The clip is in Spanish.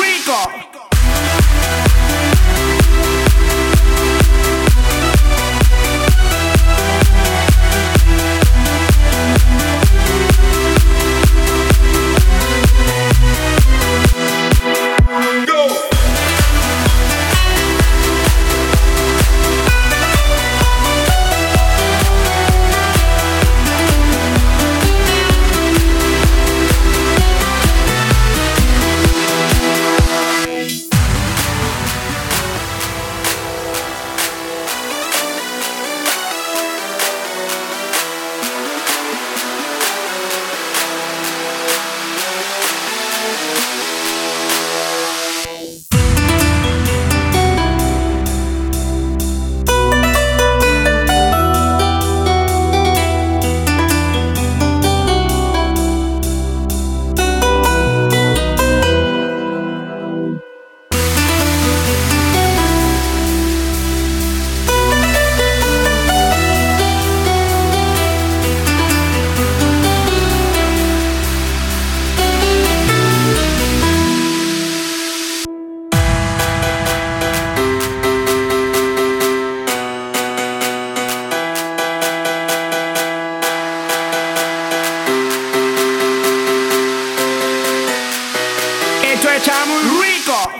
we. echa rico.